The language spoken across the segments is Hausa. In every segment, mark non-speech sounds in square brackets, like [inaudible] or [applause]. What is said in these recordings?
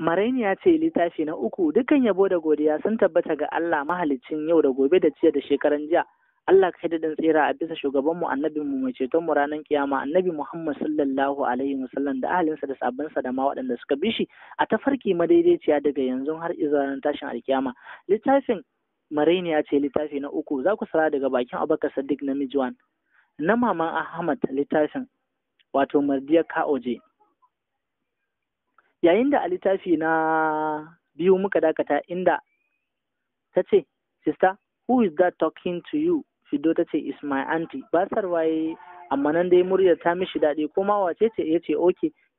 Marainiya ce littafi na uku dukan yabo da godiya sun tabbata ga Allah mahalicin yau da gobe da jiya da shekaran jiya. Allah ka daɗin tsira a bisa shugabanmu annabinmu mai ceton mu ranar kiyama annabi Muhammad sallallahu alaihi wasallam da ahalinsa da sabbinsa da ma waɗanda suka bi shi a tafarki madaidaiciya daga yanzu har izuwa tashin alkiyama. Littafin Marainiya ce littafi na uku za ku sara daga bakin Abubakar Sadiq Mijuwan na maman Ahmad littafin wato Mardiya Ka'oje yayin da a littafi na biyu muka dakata inda ta ce sister who is that talking to you Fido ta ce is my auntie basar waye amma nan dai muryar ta mishi daɗi ko ma wace ce ya ce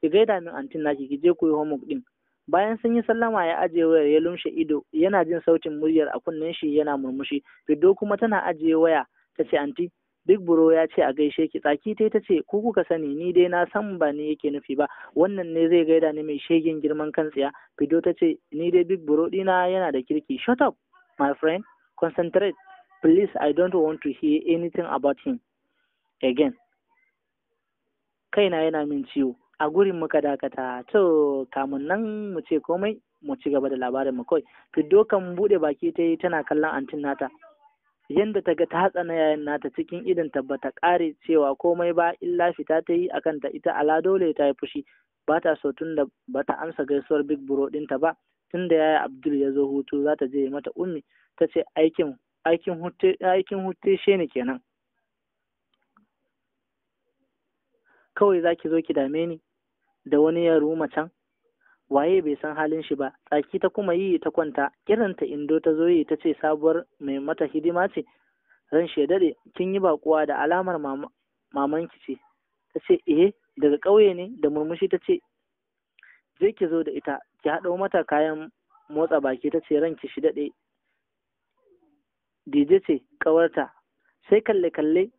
ki gaida min antin naki ki je koyi homework din bayan sun yi sallama ya ajiye wayar ya lumshe ido yana jin sautin muryar a kunnen shi yana murmushi Fido kuma tana ajiye waya ta ce anti Big Bro ya ce a gaishe ki tsaki tai ta ce ku kuka sani ni dai na san ba ni yake nufi ba wannan ne zai gaida ni mai shegin girman kan tsiya Fido ta ce ni dai Big Bro dina yana da kirki shut up my friend concentrate please I don't want to hear anything about him again kaina yana min ciwo a gurin muka dakata to kamun nan mu ce komai mu ci gaba da labarin mu kai. Fido kan bude baki ta yi tana kallon antin nata yadda ta ga ta tsana yayin nata cikin idan ta bata ƙare cewa komai ba illa fita ta yi akan ta ita ala dole ta yi fushi ba ta so tun da bata amsa gaisuwar big bro ta ba tun da yaya abdul ya zo hutu za ta je mata ummi ta ce aikin aikin hutte aikin hutte she ne kenan kawai za ki zo ki dame ni da wani ya ruma can waye bai san halin shi ba tsaki ta kuma yi ta kwanta kiranta indo ta zo yi ta ce sabuwar mai mata hidima ce ran shi dade kin yi bakuwa da alamar mamanki ce ta ce eh daga ƙauye ne da murmushi ta ce je ki zo da ita ki haɗo mata kayan motsa baki ta ce ranki shi dade dije ce ƙawarta sai kalle-kalle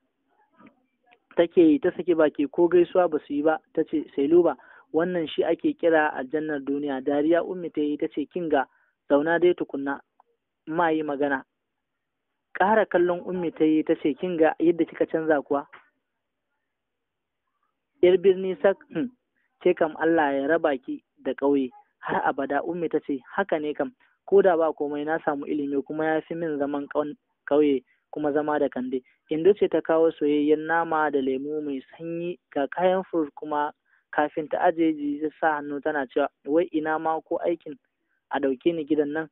take yi ta saki baki ko gaisuwa ba su yi ba ta ce sai luba wannan shi ake kira jannar duniya dariya ummi ta yi ta ce kinga zauna dai tukunna ma yi magana ƙara kallon ummi ta yi ta ce kinga yadda kika canza kuwa yar birni sak ce hmm, kam Allah ya raba ki da ƙauye har abada ummi ta ce haka ne kam ko da ba komai na samu ilimi kuma ya fi min zaman ƙauye kuma zama da kande indo ce ta kawo soyayyen nama da lemu mai sanyi ga kayan fur kuma kafin ta ajiye jiji sa hannu tana cewa wai ina ma ko aikin a ɗauke ni gidan nan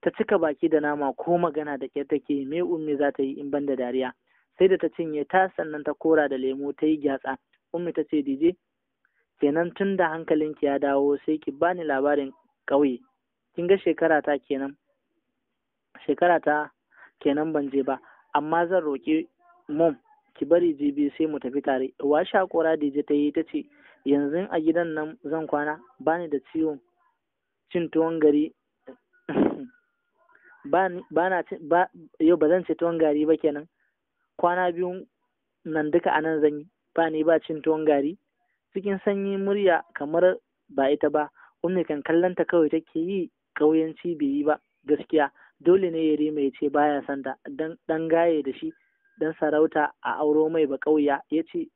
ta cika baki da nama ko magana da ƙyar take me ummi za ta yi in ban da dariya sai da ta cinye ta sannan ta kora da lemo ta yi gyatsa ummi ta ce dije kenan tun da hankalinki ya dawo sai ki bani labarin ƙauye kin ga shekara ta kenan shekara ta kenan ban je ba amma zan roƙi mom ki bari jibi sai mu tafi tare washa kora dije ta yi ta ce yanzu a gidan nan zan kwana ba ni da ciwo cin tuwon gari [clears throat] ba na yau ba zan ci tuwon gari ba kenan kwana biyu nan duka a nan zan yi ba ni ba cin tuwon gari cikin sanyi murya kamar ba ita ba ummi kan kallanta kawai take yi kauyanci bai yi ba gaskiya dole ne yare mai ce baya santa dan gaye da shi dan sarauta a auro mai ba kauya ya ce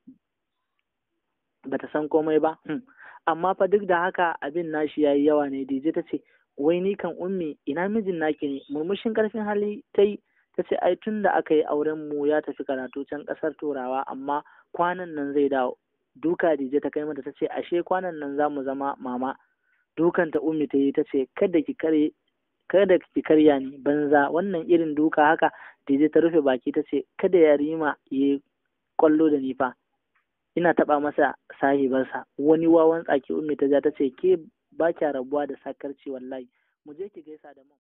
bata san komai ba hmm. amma fa duk da haka abin nashi ya yi yawa ne dije ta ce wai ni kan ummi ina mijin naki ne murmushin karfin hali ta yi ta ce ai tun da aka yi auren mu ya tafi karatu can kasar turawa amma kwanan nan zai dawo duka dije ta kai mata ta ce ashe kwanan nan za mu zama mama dukan ta ummi ta yi ta ce kada ki karya ni banza wannan irin duka haka dije ta rufe baki ta ce kada yarima ya kwallo da ni fa ina taɓa masa sahibarsa wani wawan tsaki ummi ta ja ta ce ke ba kya rabuwa da sakarci wallahi mu je ki gaisa da mu